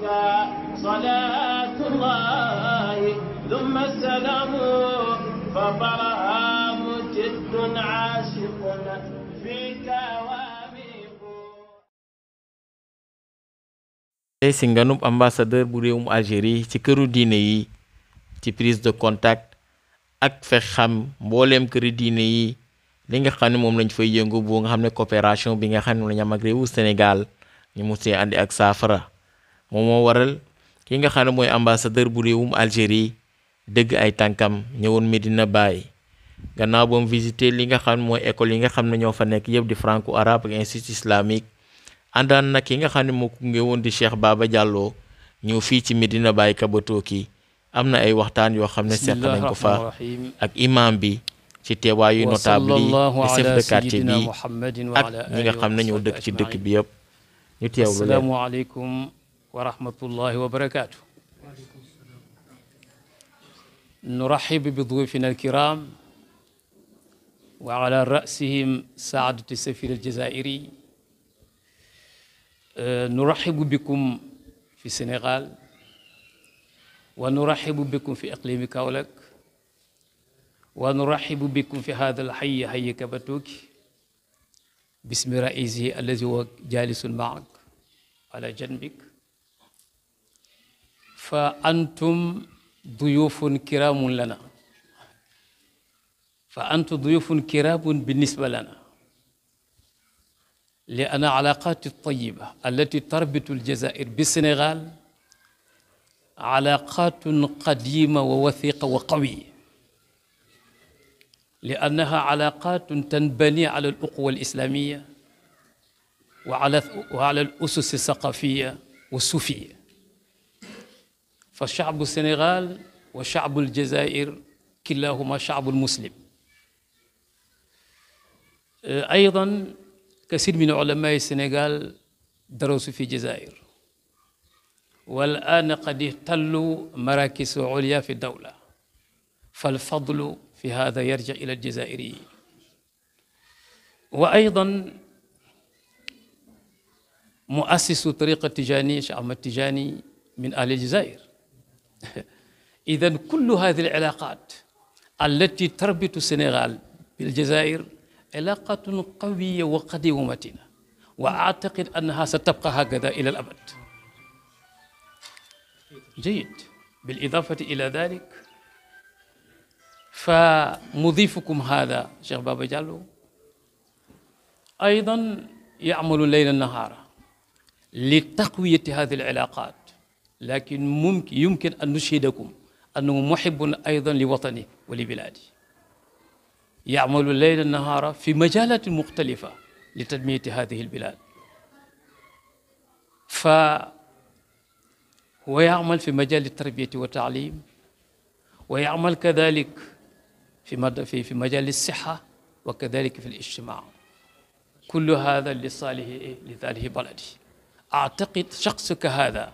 عليك صلاة الله ثم السلام فبرهام جد عاشق tey si nganub ambassadeur bu réewum Algérie ci këru diine yi ci prise de contact ak fex xam mbooleem këri diine yi li nga xam ne moom lañu fay yëngu bu nga xam ne coopération bi nga xam ne lañ ak réewu Sénégal ñu mu see andi ak saafara moom moo waral ki nga xam ne mooy ambassadeur bu réewum Algérie dëgg ay tànkam ñëwoon Medina bàyyi gannaaw ba mu li nga xam ne mooy école yi nga xam ne ñoo fa nekk yëpp di franco arabe ak institut islamique àndaan nag ki nga xam ne moo ku nge woon di Cheikh baaba jàlloo ñëw fii ci Medina Baye Kabatoki am na ay waxtaan yoo xam ne seq nañ ko fa ak imam bi ci teewaayu notable yi chef de quartier bi xam ne ñoo dëkk dëkk bi yëpp ñu teewlu leen wa rahmatullahi wa barakaatu nurahib bi duufina alkiram wa ala rasihim saadati safir aljazairi nurahibu bikum fi sénégal wa nurahibu bikum fi iqlimi kaolack wa nurahibu bikum fi hada alxayi xayi kabatuuki bismi raisi allazi huwa jalisun maak ala janbik fa antum duyufun kiramun lana fa antum duyufun kiramun بالنسبة لنا لأن علاقات الطيبة التي تربط الجزائر بالسنغال علاقات قديمة ووثيقة وقوية لأنها علاقات تنبني على الأقوى الإسلامية وعلى وعلى الأسس الثقافية والصوفية fa chaabu sénégal wa chaabu aljazair kilahuma chaabu muslim ايضا كثير من علماء السنغال درسوا في الجزائر والان قد احتلوا مراكز عليا في الدوله فالفضل في هذا يرجع الى الجزائريين وايضا مؤسس طريقه تجاني شيخ احمد تجاني من اهل الجزائر إذا كل هذه العلاقات التي تربط السنغال بالجزائر علاقة قوية وقديمة وأعتقد أنها ستبقى هكذا إلى الأبد جيد بالإضافة إلى ذلك فمضيفكم هذا شيخ بابا جالو أيضا يعمل ليل النهار لتقوية هذه العلاقات lakin mumkin yumkin an nushhidakum annahu muhibbun aydan li watani wa li biladi yaamalu leyla nahaara fi majalatin muxtalifa li tadmiyati hadihi albilad fa wa yaamal fi majali tarbiyati wa taalim wa yaamal kadalik fi mad fi fi majali sixa wa kadalik fi lijtimaa kullu hada li saalihi li saalihi baladi actaqid shaxsuka hada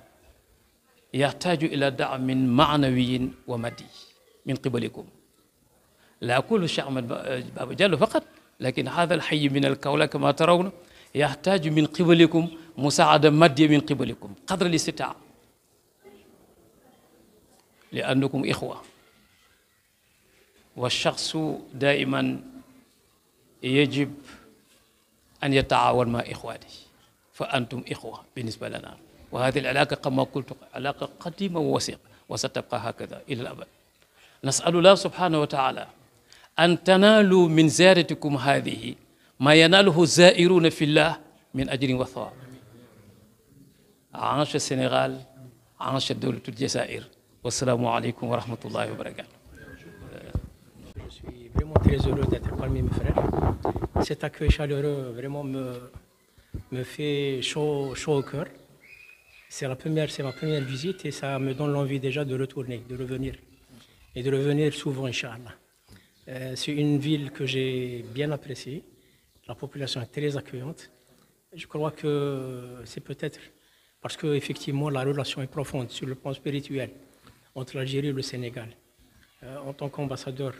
yaxtaaju ila daamin maanawiyin wa maddi min qibalikum laa kullu Cheikh Ahmed Baba Diallo faqat lakin hada alxayi min alkawla kama tarawna yaxtaaju min qibalikum musaada maddi min qibalikum qadra listitaa li annakum ixwa wa shaxsu daiman yajib an yataawan ma ixwaati fa antum ixwa binisba lana وهذه العلاقة كما قلت علاقة قديمة ووثيقة وستبقى هكذا إلى الأبد نسأل الله سبحانه وتعالى أن تنالوا من زيارتكم هذه ما يناله الزائرون في الله من أجر وثواب عاش السنغال عاش دولة الجزائر والسلام عليكم ورحمة الله وبركاته Je suis vraiment très heureux d'être parmi mes frères. Cet accueil chaleureux vraiment me, me fait chaud, chaud au cœur. C'est ma première visite et ça me donne l'envie déjà de retourner, de revenir et de revenir souvent, euh, c'est une ville que j'ai bien appréciée. La population est très accueillante. Je crois que c'est peut-être parce que effectivement la relation est profonde sur le plan spirituel entre l'Algérie et le Sénégal. Euh, en tant qu'ambassadeur,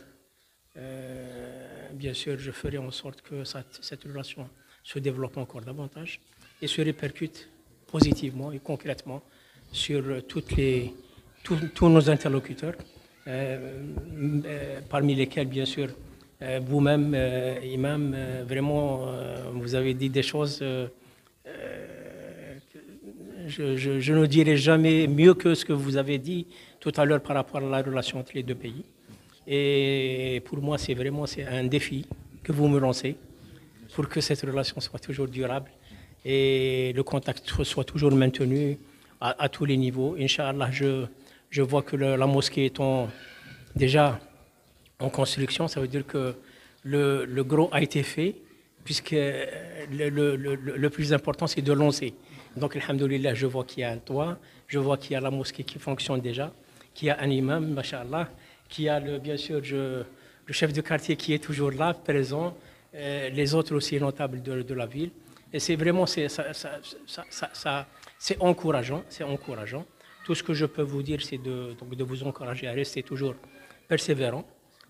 euh, bien sûr, je ferai en sorte que cette relation se développe encore davantage et se répercute positivement et concrètement sur euh, toutes les, tout, tous nos interlocuteurs, euh, euh, parmi lesquels, bien sûr, vous-même, Imam, vraiment, vous avez dit des choses je, je, je, ne dirai jamais mieux que ce que vous avez dit tout à l'heure par rapport à la relation entre les deux pays. Et pour moi, c'est vraiment un défi que vous me lancez pour que cette relation soit toujours durable et le contact soit toujours maintenu à, à tous les niveaux. Inch'Allah, je, je vois que le, la mosquée est en, déjà en construction, ça veut dire que le, le gros a été fait, puisque euh, le, le plus important, c'est de lancer. Donc, Alhamdoulilah, je vois qu'il y a un toit, je vois qu'il y a la mosquée qui fonctionne déjà, qu'il y a un imam, mashallah, qu'il y a le, bien sûr je, le chef de quartier qui est toujours là, présent, euh, les autres aussi notables de, de la ville. Et c'est vraiment c'est, ça, ça, ça, c'est encourageant, c'est encourageant. Tout ce que je peux vous dire, c'est de, donc de vous encourager à rester toujours persévérant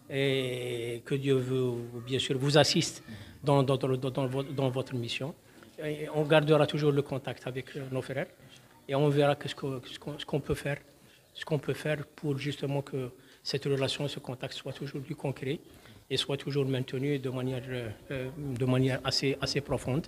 et que Dieu vous, bien sûr vous assiste dans, dans, dans, dans votre mission. Et on gardera toujours le contact avec euh, nos frères et on verra que ce, que, ce, qu'on, ce qu'on peut faire, ce qu'on peut faire pour justement que cette relation, ce contact soit toujours plus concret et soit toujours maintenu de manière, euh, euh de manière assez, assez profonde.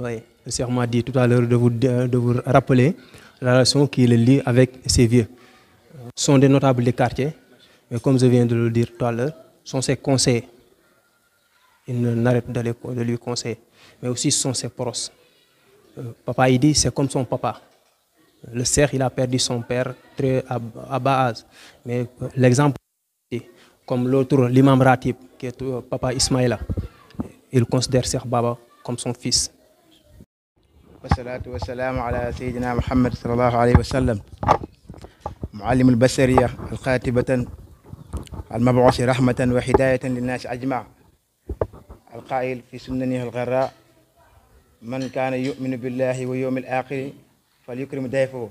Oui, le Seigneur m'a dit tout à l'heure de vous, de vous rappeler relation qui le lie avec ses vieux. sont des notables des quartiers, mais comme je viens de le dire tout à l'heure, sont ses conseils. Il n'arrête de, lui conseiller. Mais aussi, sont ses proches. Euh, papa, il dit, c'est comme son papa. Le cerf, il a perdu son père très à, à bas âge. Mais euh, l'exemple, comme l'autre, l'imam Ratib, qui est euh, papa Ismaïla, il considère Serh Baba comme son fils. wasalaatu wasalaamu ala sayidina muhammad salallahu alayhi wa sallam muallim albasariya alxaatibatan almabuusi rahmatan wa hidayatan linnaasi ajmaa alqaayil fi sunnanihi algarra man kaana yuminu billahi wa yowmi alaaxiri falyukrim dayfahu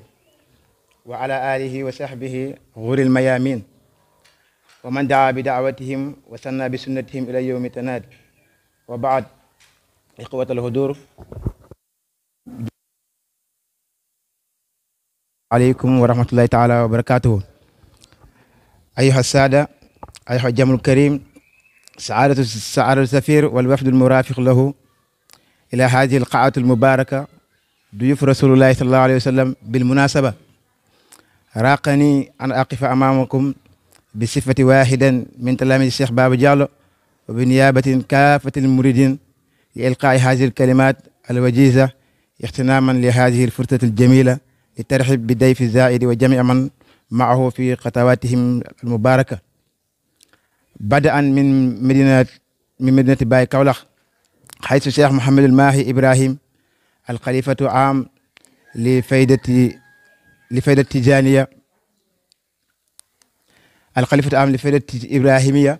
wa ala alihi wa sahbihi guril mayamin wa man daa bi daawatihim wa sanna bi sunnatihim ila yowmi tanaad wa baad iqwat alhudur aleykum wa rahmatullahi taala wa barakatuhu ayuha saada ayuha jamul karim saadatu saadatu safir walwafdu almurafiq lahu ila hadihi alqaatu almubaraka duyuf rasulullahi sallallahu alayhi wa sallam bilmunasaba raqani an aqifa amamakum bi sifati wahidan min talamidi cheikh baba diallo wa bi niyabatin kaafati almuridin li ilqaai hadihi alkalimat alwajiza ixtinaman li hadihi alfursati aljamila di tarxib bi day fi zaidi wa jamia man maahu fi xatawaatihim almubaraka bada an min medinat min medinati baay Kaolack xaysu cheikh Mouhamadul Mahi Ibrahim alxalifatu am li faydati li faydati tijaaniya alxalifatu am li faydati ibrahimiya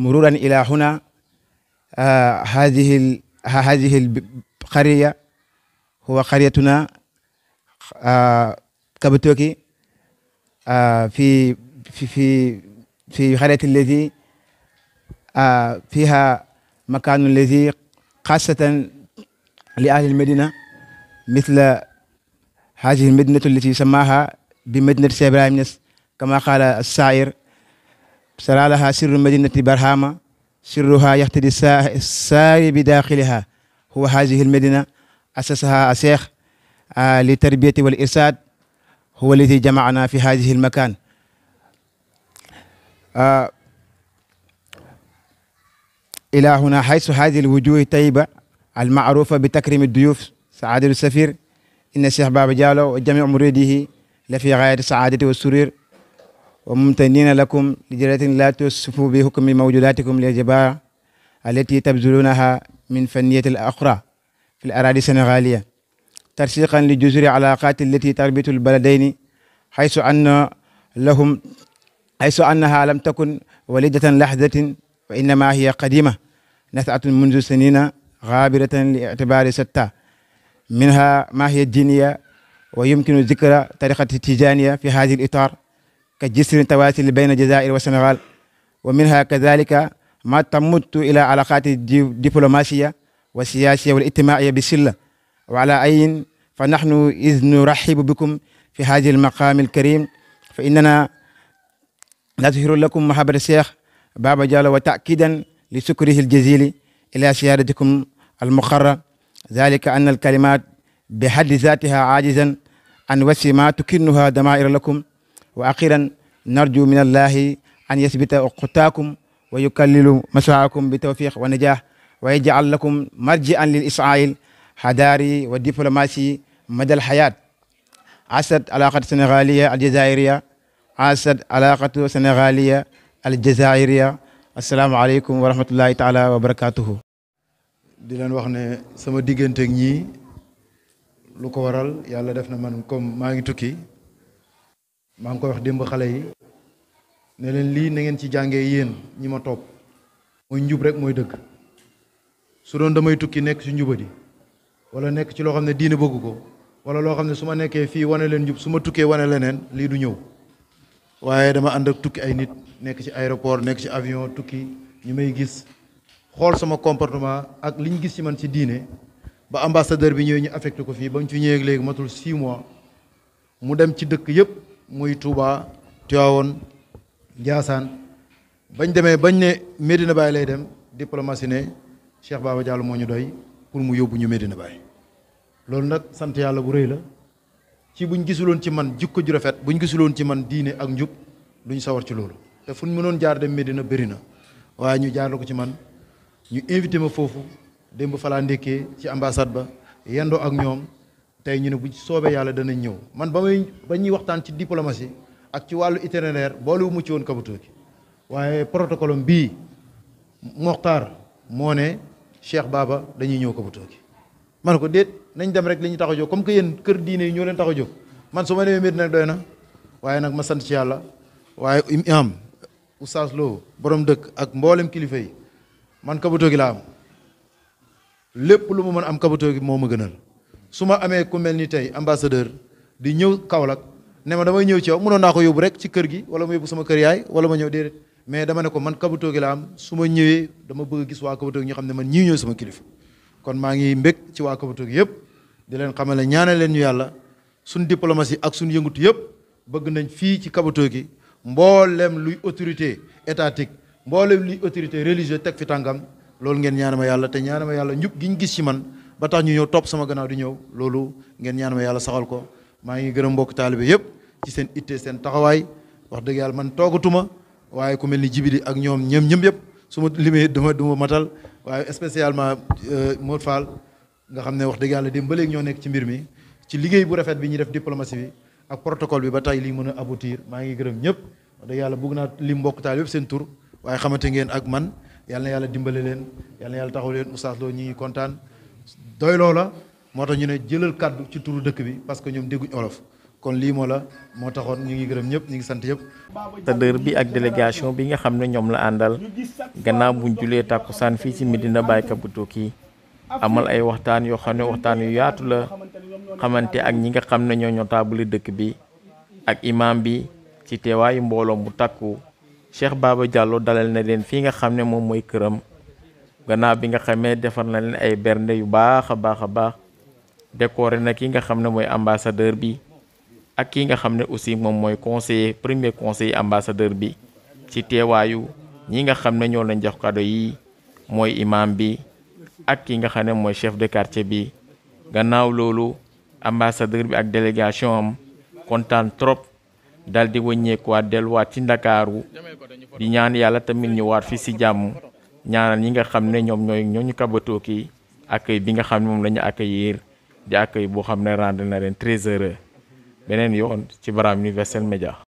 mururan ila huna hadihi hadihi alqariya huwa qaryatuna Euh, Kabutoki euh, fi fi fi fi xareti lezi euh, fiha makanu lezi xaasatan li ahli lmadina misla hadihi lmadinatu allati samaha bi madinati Cheikh Ibrahim Niass kama qaala saair sara laha sirru madinati barhama sirruha yaxtadi saari bi daaxiliha huwa hadihi lmadina asasaha a cheikh li tarbiyati wal irsaad huwa alladi jamaana fi hadihi al makan ila huna haysu hadihi al wujuhi tayyiba al maarufa bi takrimi duyuf saadatu safir inna cheikh baba diallo wa jamiu muridihi la fi gaayati saadati wa surir wa mumtanina lakum li jalatin la tusifu bi hukmi mawjudatikum li jabaa allati tabzulunaha min faniyati al axra fi l aradi sénégalia tarsiqan li juzuri alaqaati allati tarbitu albaladayni xaysu anna lahum xaysu annaha lam takun walidatan lahdatin wa innama hiya qadima nasaatun mundu sanina gaabiratan li ictibaari satta minha ma hiya diiniya wa yumkinu zikra tariqati tijaniya fi hadi al itar ka jisrin tawasil bayna jazair wa sénégal wa minha kadalika ma tamuttu ila alaqaati diplomasiya wa siyasiya wal ijtimaia bi silla wa ala ayin fa nahnu iz nurahibu bikum fi hadhihi al-maqam al-karim fa innana nazhiru lakum mahabbata Cheikh Baba Diallo wa ta'kidan li shukrihi al-jazili ila siyadatikum al-muqarrar dhalika anna al-kalimat bi haddi dhatiha ajizan an wasi ma tukinnuha dama'ira lakum wa akhiran narju min allahi an yasbita uqtaakum wa yukallilu masaakum bi tawfiq wa najah wa yaj'al lakum marji'an lil isra'il حضاري ودبلوماسي مدى الحياة عاصت علاقة السنغالية الجزائرية عاصت علاقة السنغالية الجزائرية asalaamaaleykum wa rahmatullahi taala wa barakaatuhu. di leen wax ne sama diggante ak lu ko waral yàlla def na man comme maa ngi tukki maa ngi koy wax démb xale yi ne leen lii na ngeen ci jànge yéen ñi ma toog mooy njub rek mooy dëgg su doon damay tukki nekk ci njubadi wala nekk ci loo xam ne diine bëgg ko wala loo xam ne su ma nekkee fii wane leen jub su ma tukkee wane leneen lii du ñëw waaye dama ànd ak tukki ay nit nekk ci aéroport nekk ci avion tukki ñu may gis xool sama comportement ak li ñu gis ci man ci diine ba ambassadeur bi ñëwee ñu affecté ko fii ba fi ci ñëwee léegi matul 6 mois mu dem ci dëkk yëpp muy Touba Tivaouane Ndiassane bañ demee bañ ne Medina Baye lay dem diplomatie ne Cheikh Baba Diallo moo ñu doy. pour mu yóbbu ñu Medina Baye loolu nag sant yàlla bu rëy la ci buñ gisuloon ci man jikko ju rafet buñ gisuloon ci man diine ak njub duñ sawar ci loolu te fuñ mënoon jaar dem Medina bëri na waaye ñu jaar la ko ci man ñu invité ma foofu démb falaa ndékkee ci ambassade ba yendoo ak ñoom tey ñu ne bu soobee yàlla danañ ñëw man ba may ba ñuy waxtaan ci diplomatie ak ci wàllu itinéraire boole mu ci woon Kabatoki waaye protocole bii Mokhtar moo Cheikh baaba dañuy ñëw Kabuto gi ma ne ko déet nañ dem rek li ñu tax a jóg comme que yéen kër diine yi ñoo leen tax a jóg man su ma demee mbir nag doy na waaye nag ma sant ci yàlla waaye u oustaz Lo borom dëkk ak mboolem kilifa yi man Kabuto gi laa am lépp lu mu mën am Kabuto gi moo ma gënal su ma amee ku mel ni tey ambassadeur di ñëw Kaolack ne ma damay ñëw ci yow mënoon naa ko yóbbu rek ci kër gi wala ma yóbbu sama kër yaay wala ma ñëw déedéet mais dama ne ko man Kabatoki gi la am suma ñëwee dama bëgg gis waa Kabatoki ñu xam ne man ñii ñooy sama kilifa kon maa ngi mbég ci waa Kabatoki yëpp di leen xamal ne ñaanal leen ñu yàlla suñ diplomatie ak suñ yëngutu yëpp bëgg nañ fii ci Kabatoki mboolem luy autorité étatique mboolem luy autorité religieuse teg fi tàngam loolu ngeen ñaanama yàlla te ñaanama yàlla njub gi ñu gis ci man ba tax ñu ñëw sama gannaaw di ñëw loolu ngeen ñaanama yàlla saxal ko maa ngi gërëm mbokk taalibe yëpp ci seen itte seen taxawaay wax dëgg yàlla man toogatuma waaye ku mel ni jibidi ak ñoom ñëm ñëm yépp su ma limee duma duma matal waaye spécialement euh, Mor Fall nga xam ne wax dëgg yàlla démb ba ñoo nekk ci mbir mi ci liggéey bu rafet bi ñuy def diplomatie bi ak protocole bi ba tey li mën a aboutir maa ngi gërëm ñëpp wax dëgg yàlla bëgg naa li mbokk taal yëpp seen tur waaye xamante ngeen ak man yàlla na yàlla dimbale leen yàlla na yàlla taxaw leen Oustaz Lo ñi ngi kontaan doy loola moo tax ñu ne jëlal kàddu ci turu dëkk bi parce que ñoom dégguñ olof kon lii moo la moo taxoon ñu ngi gërëm ñëpp ñu ngi sant yëpp. tëddër bi ak délégation bi nga xam ne ñoom la àndal gannaaw buñ julee tàkku tàkkusaan fii ci Medina Baye Kaputoki amal ay waxtaan yoo xam ne waxtaan yu yaatu la xamante ak ñi nga xam ne ñooñoo notable dëkk bi ak imaam bi ci teewaayu mbooloo mu takku Cheikh Baba Diallo dalal na leen fii nga xam ne moom mooy këram gannaaw bi nga xamee defar na leen ay bernde yu baax a baax a baax décoré na ki nga xam ne mooy ambassadeur bi. ak ki nga xam ne aussi moom mooy conseiller premier conseiller ambassadeur bi ci teewaayu ñi nga xam ne ñoo lañ jox kado yi mooy imaam bi ak ki nga xam ne mooy chef de quartier bi gannaaw loolu ambassadeur bi ak délégation am kontaan trop dal di wëññeekuwaat delluwaat ci ndakaaru di ñaan yàlla tamit ñu waat fi si jàmm ñaanal ñi nga xam ne ñoom ñooy ñooñu kabatoo ki accueil bi nga xam ne moom lañu ñu accueillir di yi boo xam ne rendre na leen très heureux beneen yoon ci Barham Universel Media